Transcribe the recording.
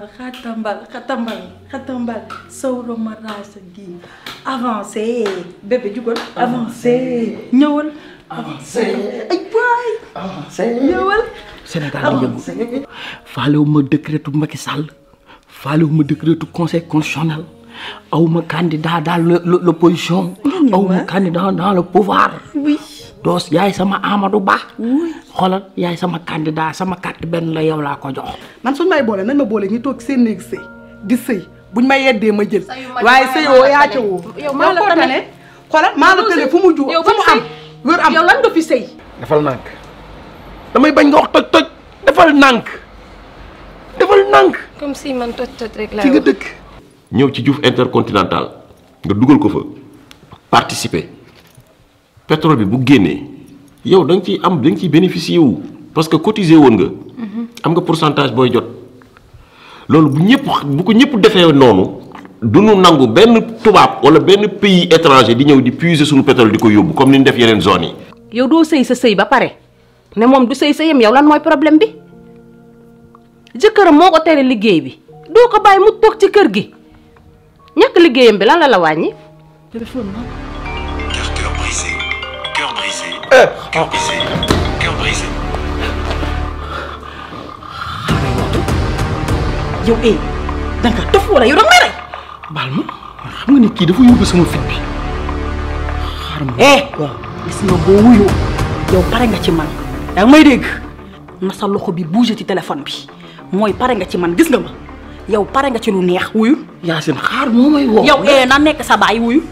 xatambal xatambal xatambal xatambal sowro ma raasa gi avancé bébé jugal avancé ñëwal avancé ay waay avancé ñëwal Sénégal a yëngu faalewu ma décrétu Macky Sall faalewu ma décrétu conseil constitutionnel aw candidat dans l'opposition aw candidat dans le pouvoir doos yaay sama Amadou Ba. xoolal yaay sama candidat sama carte benn la yow laa ko jox. man suñu may boole nañ ma boole ñu toog seen néeg sëy di sëy buñ ma yeddee ma jël. waaye sëyoo yaa ca woo. yow maa la tane xoolal maa la tane fu mu ju fu mu am. wër am yow lan nga fi sëy. defal nànk damay bañ nga wax toj toj defal nànk defal nànk. comme si man toj rek laa nga dëkk. ñëw ci Diouf Intercontinental nga dugal ko fa participer. pétrole bi bu génnee yow da nga ciy am da nga ciy bénéficier wu parce que cotiser woon nga. Mm-hmm. am nga pourcentage booy jot. loolu bu ñëpp bu ko ñëpp defee noonu du ñu nangu benn tubaab wala benn pays étranger di ñëw di puiser suñu pétrole di ko yóbbu comme ni ñu def yeneen zones yi. yow doo sëy sa sëy ba pare ne moom du sëy sëyam yow lan mooy problème bi jëkkëram moo ko tere liggéey bi doo ko bàyyi mu toog ci kër gi ñàkk liggéeyam bi lan la la wàññi. Cœur brisé. Euh. Cœur brisé. yow eh da nga nga xam nga ne kii dafa yóbbu sama fit bi xaaral ma. Eh, nga ci man yaa may dégg na sa loxo bi bougé ci téléphone bi mooy pare nga ci man gis nga ma yow pare nga ci lu neex wuyu. Yacine xaar moo may woo. yow eh na nekk sa baay wuyu.